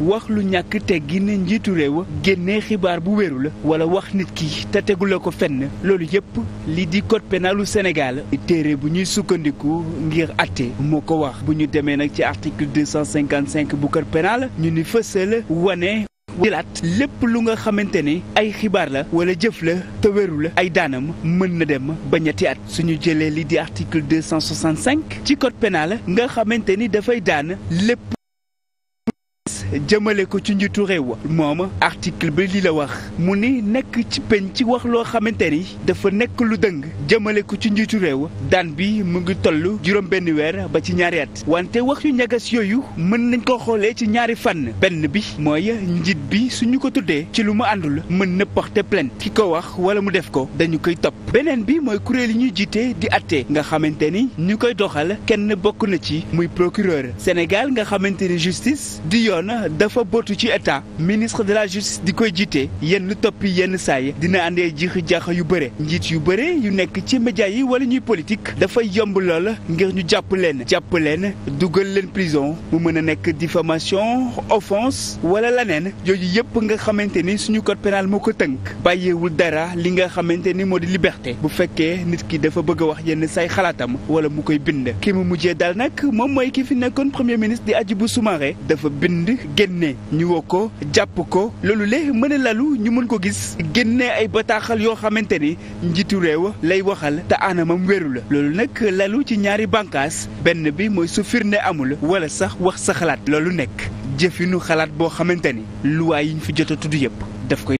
wax lu ñàkk teggi ne njiitu réew génne xibaar bu wéeru la wala wax nit ki te tegu ko fenn loolu yépp li di code pénalu Sénégal téere bu ñuy sukkandiku ngir atte moo ko wax bu ñu demee nag ci article 255 bu code pénal ñu ni fësal wane jëlaat lépp lu nga xamante ni ay xibaar la wala jëf la te wéru la ay daanam mën na dem ba ñetti at suñu jëlee li di article 265 ci code pénal nga xamante ni dafay daan lépp jëmale ko ci njiitu réew moom article bi li la wax mu ni nekk ci peñ ci wax loo xamante ni dafa nekk lu dëng jëmale ko ci njiitu réew daan bi mu ngi toll juróom benn weer ba ci ñaari at wante wax yu ñagas yooyu mën nañ ko xoolee ci ñaari fànn benn bi mooy njiit bi su ñu ko tuddee ci lu mu àndul mën na porter plainte ki ko wax wala mu def ko dañu koy topp beneen bi mooy kuréel yi ñuy jiite di atte nga xamante ni ñu koy doxal kenn bokk na ci muy procureur Sénégal nga xamante ni justice di yoon dafa bootu ci état ministre de la justice di koy jiite yenn toppi yenn saay dina àndee jixi jaxa yu bëre njiit yu bëre yu nekk ci média yi wala ñuy politique dafay yomb lool ngir ñu jàpp leen jàpp leen dugal leen prison mu mën a nekk diffamation offense wala leneen jooju yëpp nga xamante ni suñu code pénal moo ko tënk bàyyeewul dara li nga xamante ni moo di liberté bu fekkee nit ki dafa bëgg a wax yenn saay xalaatam wala mu koy bind ki mu mujjee daal nag moom mooy ki fi nekkoon premier ministre di Hadjibou Soumaré dafa bind génne ñu woo ko jàpp ko loolu le mën lalu ñu mën ko gis génne ay bataaxal yoo xamante ni njiitu réew lay waxal te anamam wéru la loolu nag lalu ci ñaari bànqaas benn bi mooy su firnde amul wala sax wax sa xalaat loolu nekk jëfinu xalaat boo xamante ni luwaay yi ñu fi jot tudd yëpp daf koy